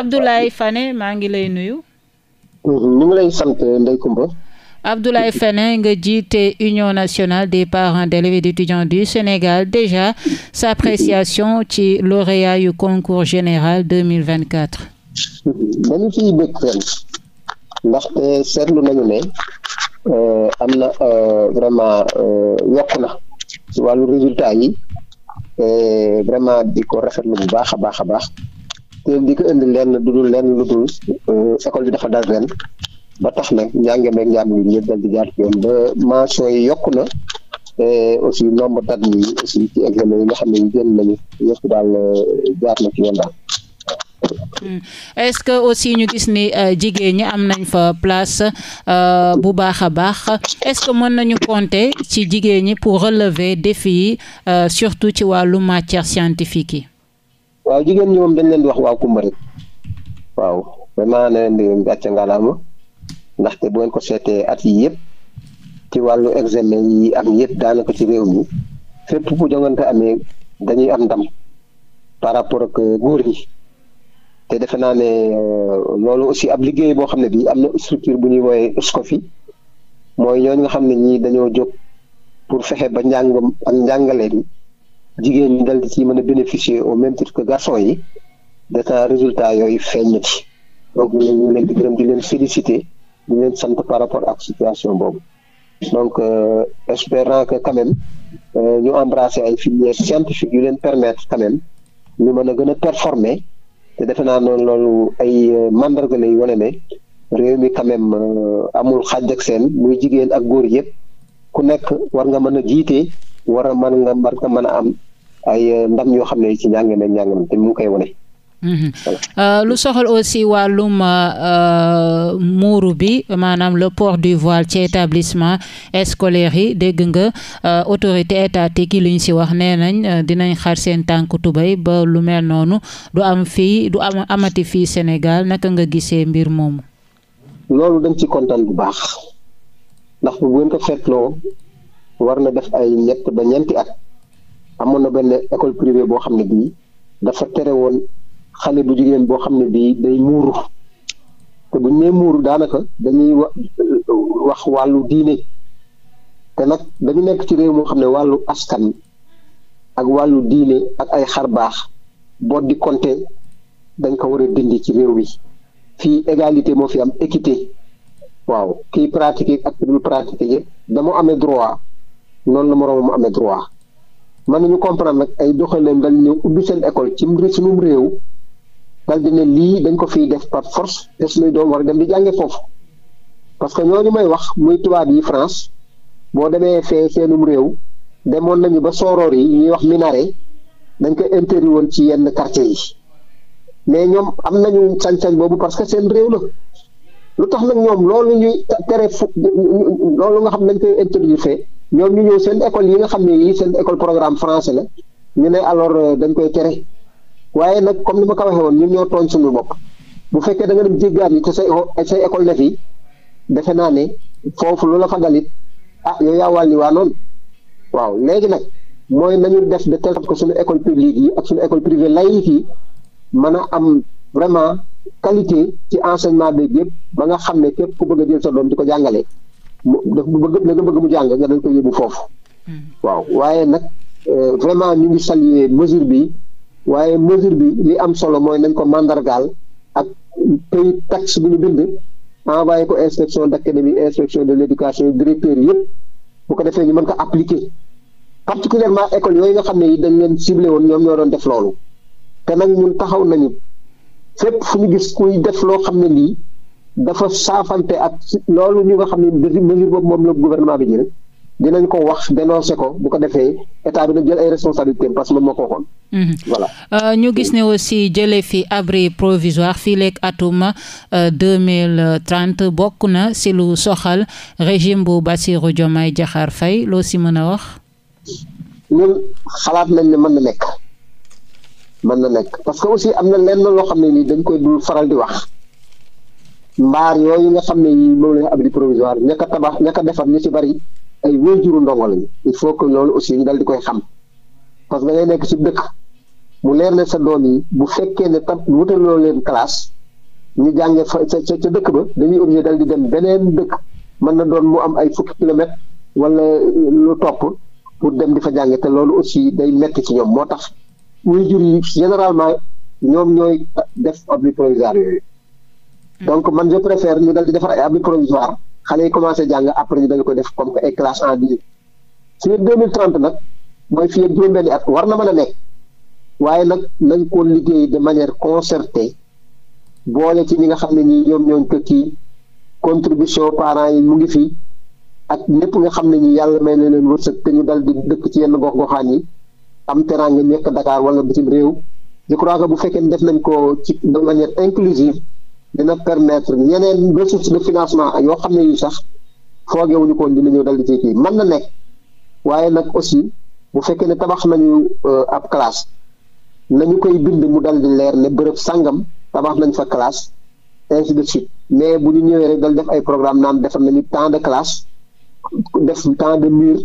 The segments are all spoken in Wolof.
Abdoulaye Fane maa ngi lay nuyu. Mm-hmm. ñu ngi lay sant Ndeye Comba. Abdoulaye Fane nga jiite Union nationale des parents d'élèves et d'étudiants du Sénégal déjà sa mm-hmm. appréciation ci lauréat yu concours général 2024. Mm-hmm. dañu ciy bëgg ren ndaxte seetlu nañu ne euh, na euh, vraiment euh, yokk na ci wàllu résultat yi vraiment di ko rafetlu bu baax a baax a baax. te li ko indi lenn du dul lenn lu dul euh, école bi dafa dal ren ba tax nag njàngam ak njàng mi ñëpp ba mention yi yokku na te aussi nombre dat yi aussi ci examen yi nga xam ne ñu génn nañu yëpp daal euh, jaar na ci yoon hmm. est-ce que aussi ñu gis ni euh, jigéen ñi am nañ fa place bu baax a baax est-ce que mën nañu compter ci jigéen ñi pour relever défi yi surtout ci wàllu matière scientifique yi. waaw jigéen ñi moom dañ leen di wax waaw kumba rek waaw vraiment ne leen di gàcce ngalaama ndaxte bu ngeen ko seetee at yi yëpp ci wàllu examen yi am yëpp daanaka ci réew mi fépp fu jongante amee dañuy am ndam par rapport ak góor ñi te defe naa ne euh, loolu aussi ab liggéey boo xam ne bii am na structure bu ñuy wooyee SCOFI mooy ñooñu nga xam ne ñii dañoo jóg pour fexe ba njàngam ak njàngale jigéen ñi dal di ci mën a bénéficier au même titre que garçon yi de ta résultat yooyu feeñ na ci donc ñu ngi leen di gërëm di leen féliciter di leen sant par rapport ak situation boobu donc euh, espérant que quand euh, ñu euh, ay filières scientifiques yu leen permettre quand ñu mën a gën a performer te defe naa noonu loolu ay euh, mandarga yi wane ne réew mi quand euh, amul xàjj ak seen muy jigéen ak góor yëpp ku nekk war nga mën a jiite. war a nga war nga am eh, ndam yoo xam ne ci njàng na njàng mi te mhm. euh, lu soxal aussi wàllum euh, euh, muuru bi maanaam le port du voile ci établissement scolaire yi dégg nga autorité étatique yi liñ ñu si wax nee nañ dinañ xar seen tànk tubay ba lu mel noonu du am fii du am amati fii Sénégal naka nga gisee mbir moomu. loolu dañ ci kontaan bu baax ndax bu ngeen ko seetloo war na def ay ñett ba ñeenti at amoon na benn école privée boo xam ne bii dafa tere woon xale bu jigéen boo xam ne bii day muuru te bu ñu nee muuru daanaka dañuy wax wàllu diine te nag dañu nekk ci réew moo xam ne wàllu askan ak wàllu diine ak ay xar baax boo di compter dañ ko war a dindi ci réew mi fii égalité moo fi am équité waaw kiy pratiquer ak ki dul pratiquer yëpp dama amee droit. noonu la moroomam amee droit mën nañu comprendre nag ay doxaleen dañ ñëw ubbi seen école ci sunum réew dal di ne lii dañ ko fiy def par force te suñuy doom war a dem di jànge foofu parce que ñooñu may wax muy tubaab yi France boo demee fee seenum réew demoon nañu ba sooroor yi ñuy wax minare dañ koy interdit woon ci yenn quartier yi mais ñoom am nañu sañ-sañ boobu parce que seen réew la lu tax nag ñoom loolu ñuy tere fu loolu nga xam dañ koy interdit fee ñoom ñu ñëw seen école yi nga xam ne yi seen école programme français la ñu ne alors euh, dañ koy tere waaye nag comme ni ma ko waxee woon ñun ñoo tooñ suñu bopp bu fekkee da nga dem jéggaat yi te say say école ne fi defe naa ne foofu loolu la fa dalit ah yow yaa wàlli waa noonu waaw léegi nag mooy nañu def de telle sorte suñu école publique yi ak suñu école privée laïque yi mën a am vraiment qualité ci enseignement bi yëpp ba nga xam ne képp ku bëgg a jël sa doom di ko jàngalee da bëgg da nga bëgg mu jàng nga dañ ko yóbbu foofu. Mm-hmm. waaw waaye nag euh, vraiment ñu ngi saluer mesure bi waaye mesure bi li am solo mooy nañ ko mandargaal ak pay taxe bu ñu bind envoyé ko inspection bi inspection de l'éducation directeur yëpp bu ko defee ñu mën ko appliquer particulièrement école yooyu nga xam ne yi dañ leen ciblé woon ñoom ñoo doon def loolu te nag ñun taxaw nañu fépp fu ñu gis kuy def loo xam ne lii dafa saafante ak loolu ñu nga xam ne mesure boobu moom la gouvernement bi jël dinañ ko wax dénoncé ko bu ko defee état bi na jël ay responsabilités parce que moom moo ko waxoon. Mhm. Euh, gis ne aussi jëlee fi abri provisoire fii leeg atum euh, deux mille trente bokk na si lu soxal régime bu Bassirou Diomaye Diakhar Faye loo si mën a wax. ñun xalaat nañ ne mën na nekk mën na nekk parce que aussi am na lenn loo xam ne nii dañ koy dul faral di wax mbaar yooyu nga xam ne yi moom la ab abri provisoire ña ko tabax ña ko defar ñu ci bari ay wéyjuru ndongo lañu il faut que loolu aussi dal di koy xam parce que da nekk ci dëkk mu leer leen sa doom yi bu fekkee ne tam wutaloo leen classe ñu jàngee fa ca ca dëkk ba dañuy obligé dal di dem beneen dëkk mën na doon mu am ay fukki kilomètres wala euh, lu topp pour dem di fa jànge te loolu aussi day metti ci ñoom moo tax wéyjur yi généralement ñoom ñooy euh, def abri provisoire yooyu Mm. donc man je préfère ñu dal di defar ay abri provisoire xale yi commencé jàng après ñu dañu ko def comme que ay classe en ligne fii nag mooy fii ak juróom-benni at war na mën a nekk waaye nag nañ ko liggéey de manière concertée boole ci ñi nga xam ne ñi ñoom ñooñ ko contribution parents yi mu ngi fi ak népp nga xam ne ñi yàlla may na leen wërsëg te ñu dal di dëkk ci yenn gox-goxaan yi am teraanga nekk Dakar wala bitim réew je crois que bu fekkee def nañ ko ci de manière inclusive dina permettre ñeneen ressource de financement yoo xam ne yu sax foogewuñu ko dina ñëw dal di ci man mën na nekk waaye nag aussi bu fekkee ne tabax nañu euh, ab classe nañu koy bind mu dal di leer ne bërëb sàngam tabax nañ fa classe ainsi de suite mais bu ñu ñëwee rek dal def ay programme naan defar nañu temps de classe def temps de mur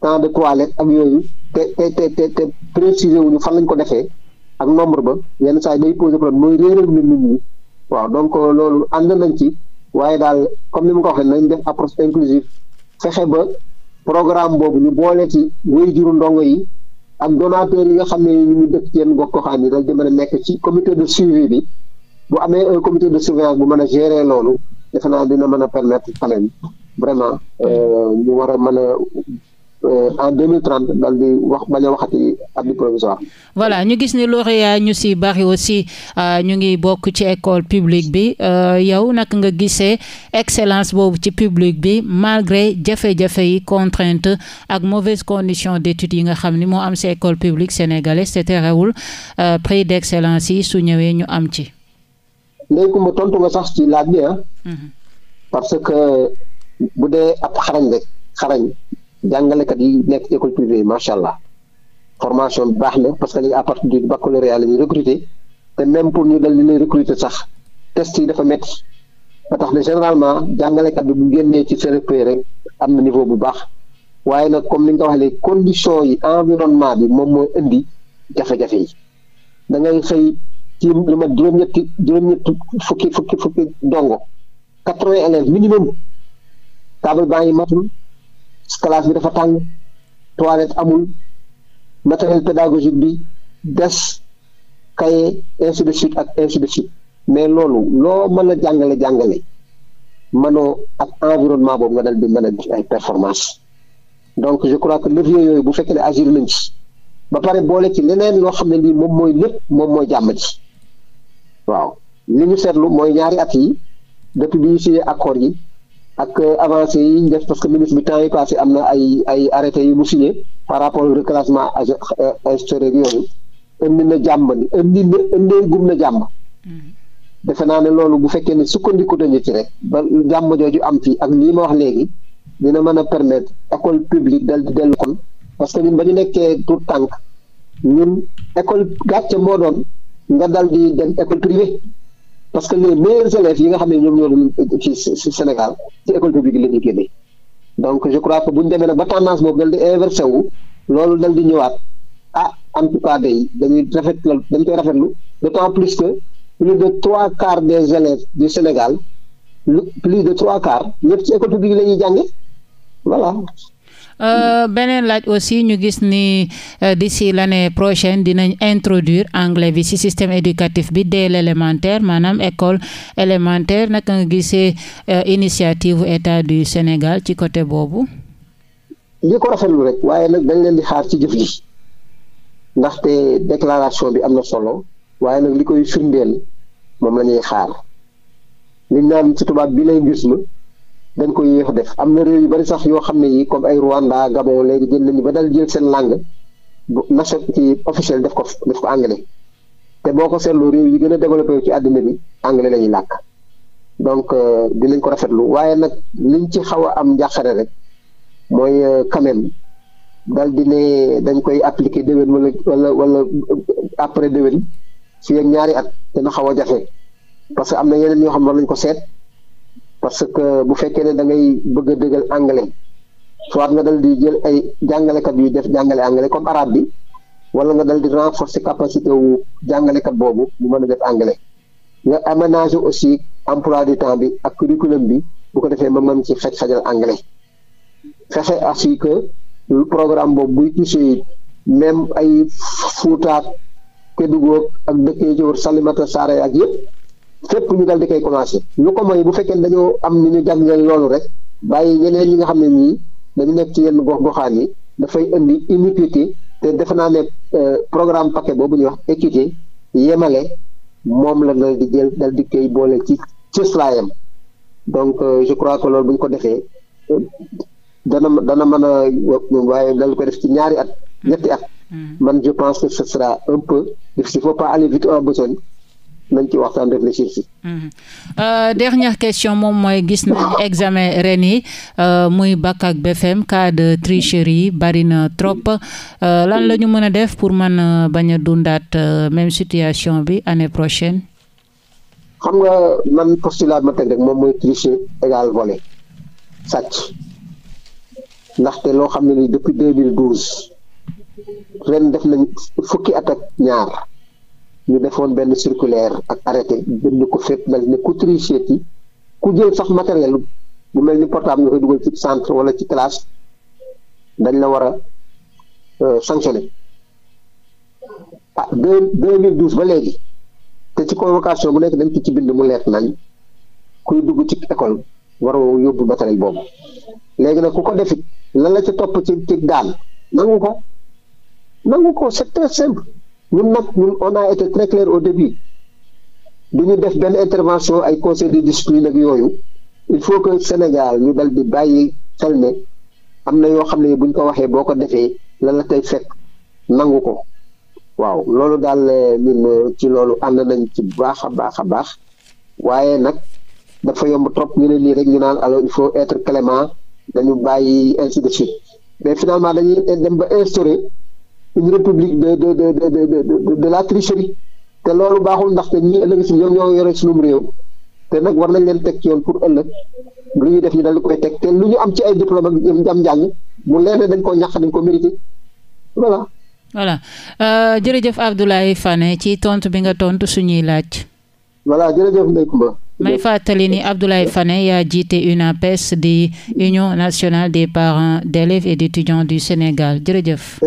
temps de toilette ak yooyu te te te te te préciser wuñu fan lañ ko defee ak nombre ba yenn saa yi day poser problème waaw donc loolu ànd nañ ci waaye daal comme ni mu ko waxee nañ dem approche inclusive fexe ba programme boobu ñu boole ci waajuru ndongo yi ak donateur yi nga xam ne ñu ngi dëkk seen gox-goxaan yi dañ di mën a nekk ci comité de suivi bi bu amee un de surveillance bu mën a geree loolu defe naa dina mën a permettre xale yi vraiment euh, ñu war a mën a Euh, en voilà ñu gis ne lauréat ñu si bari aussi euh, ñu ngi bokk ci école publique bi euh, yow naka nga gisee excellence boobu ci publique bi malgré jafe-jafe yi contrainte ak mauvaise condition d'études yi nga xam ni moo am si école publique sénégalaise te terewul prix d'excellence yi su ñëwee ñu am ci. léegi ku tontu nga sax ci laaj bi ah. mm-hmm. parce que bu dee ab xarañ rek xarañ. jàngalekat yi nekk ci école privée yi macha allah formation bi baax na parce que léegi à partir du baccalauréat la ñuy te même pour ñu dal li lay recruter sax test yi dafa métti ba tax ne généralement jàngalekat bi bu génnee ci CRP rek am na niveau bu baax waaye nag comme li nga wax léegi condition yi environnement bi moom mooy indi jafe-jafe yi da ngay xëy ci lu mat juróom-ñetti juróom-ñetti fukki fukki fukki dongo quatre-vingts élèves minimum table banc yi matul classe bi dafa tàng toilette amul matériel pédagogique bi des kaye ainsi ak ainsi mais loolu loo mën a jàngale jàngale mënoo ak environnement boobu nga dal di mën a def ay performance donc je que levier yooyu bu fekkee ne agir lañ ci ba pare boole ci leneen loo xam ne lii moom mooy lépp moom mooy jàmma ci waaw li ñu seetlu mooy ñaari at yi depuis bi ñu signé accord yi ak avancé yi ñu def parce que ministre bi temps yi passé am na ay ay arrêté yu mu signé par rapport au reclassement euh, instauré yooyu indi na jàmb ni indi na indi gum na jàmb mm-hmm. defe naa ne loolu bu fekkee ne sukkandiku dañu ci rek ba jàmb jooju am fii ak lii ma wax léegi dina mën a permettre école publique dal di dellu kon parce que ñun ba ñu nekkee tout tànk ñun école gàcce moo doon nga dal di dem école privée parce que les meilleurs élèves yi nga xam ne ñoom ñoo doon ci Sénégal ci école publique la ñuy génne donc je que bu ñu demee nag ba tendance boobu dal di inversé wu loolu dal di ñëwaat ah en tout cas day dañuy la dañ koy rafetlu d'autant plus que plus de trois quarts des élèves du Sénégal plus de trois quarts ñëpp ci école publique la ñuy jànge voilà Euh, beneen laaj aussi ñu gis ni la euh, l'année prochaine dinañ introduir anglais bi ci système éducatif bi dès l'élémentaire maanaam école élémentaire naka nga gisee euh, initiative état du Sénégal ci côté boobu. ñi ko rafetlu rek waaye nag dañ leen di xaar ci jëf ji ndaxte déclaration bi am na solo waaye nag li koy firndeel moom la xaar liñ naan ci tubaab bilinguisme dañ koy yéex def am na réew yu bari sax yoo xam ne yi comme ay Rwanda Gabon léegi jël nañu ba dal jël seen langue bu nation ci officiel def ko def ko anglais te boo ko seetloo réew yi gën a développé ci àddina bi anglais la ñuy làkk donc euh, dinañ ko rafet lu waaye nag liñ ci xaw a am njàqare rek mooy euh, quand même dal di ne dañ koy appliqué déwén wala wala wala après déwén fii ak ñaari at dina xaw a jafe parce que am na yeneen yoo xam ne war nañ ko seet. parce que bu fekkee ne da ngay bëgg a dëggal anglais soit nga dal di jël ay jàngalekat yuy def jàngale anglais comme bi wala nga dal di renforcer capacité wu jàngalekat boobu bu mën a def anglais nga aménager aussi emploi du temps bi ak curriculum bi bu ko defee ma mën ci faj fajal anglais fexe aussi que programme boobu buy touché même ay Fuuta Kédougou ak dëkk yi ci wër Salimata Saare ak yëpp. fépp ñu dal di kay commencé lu ko mooy bu fekkee dañoo am ni ñu jagleel loolu rek bàyyi yeneen ñi nga xam ne nii dañu nekk ci yenn gox goxaan yi dafay indi iniquité te defe naa ne euh, programme paquet boobu ñuy wax équité yemale moom la dal di jël di koy boole ci cëslaayam donc euh, je crois que loolu bu ko defee euh, dana dana mën a waaye dal ko def ci ñaari at ñetti at mm. man je pense que ce sera un peu difficile il faut pas aller vite en besogne nañ ci waxtaan réfléchir si. Mhm. Euh, dernière question moom mooy gis nañ examen ren yi euh, muy bac ak BFEM cas tricherie bari na trop euh, lan la ñu mën a def pour mën a bañ a dundaat même situation bi année prochaine. xam nga man postulat ma teg rek moom mooy tricher égal voler sàcc ndaxte loo xam ne ni depuis ren def nañ fukki at ñaar. ñu defoon benn circulaire ak arrêté bind ko fépp mel ne ku tricher ci ku jël sax matériel bu mel ni portable ñu koy dugal ci centre wala ci classe dañ la war a euh, sanctionné ah deux deux mille ba léegi te ci convocation bu nekk dañ ci ci bind mu leet nañ kuy dugg ci école waroo yóbbu matériel boobu léegi nag ku ko defit lan la ci topp ci ci daan nangu ko nangu ko c'est très simple ñun nag ñun on a été très clair au début du ñu def benn intervention ay conseil de discipline ak yooyu il faut que Sénégal ñu dal di bàyyi xel ne am na yoo xam ne buñ ko waxee boo ko defee lan la tey fekk nangu ko waaw loolu daal eh, ñun eh, ci loolu ànd nañ ci baax a baax a baax waaye nag dafa yomb trop ñu ne nii rek ñu naan alors il faut être clément dañu bàyyi ainsi de suite mais dem ba instaurer une république de de de de de la tricherie te loolu baaxul ndaxte ñii ëllëg si ñoom ñoo yore sunum réew te nag war nañ leen teg ci yoon pour ëllëg lu ñuy def ñi dal koy teg te lu ñu am ci ay diplôme ak am njàng mu leer dañ koo ñàkk dañ ko mérité voilà. voilà euh, jërëjëf Abdoulaye Fane ci tontu bi nga tontu suñuy laaj. voilà jërëjëf Ndeye Comba. may fàttali ni Abdoulaye Fane yaa jiite UNAPES di Union nationale des parents d'élèves et d'étudiants du Sénégal jërëjëf.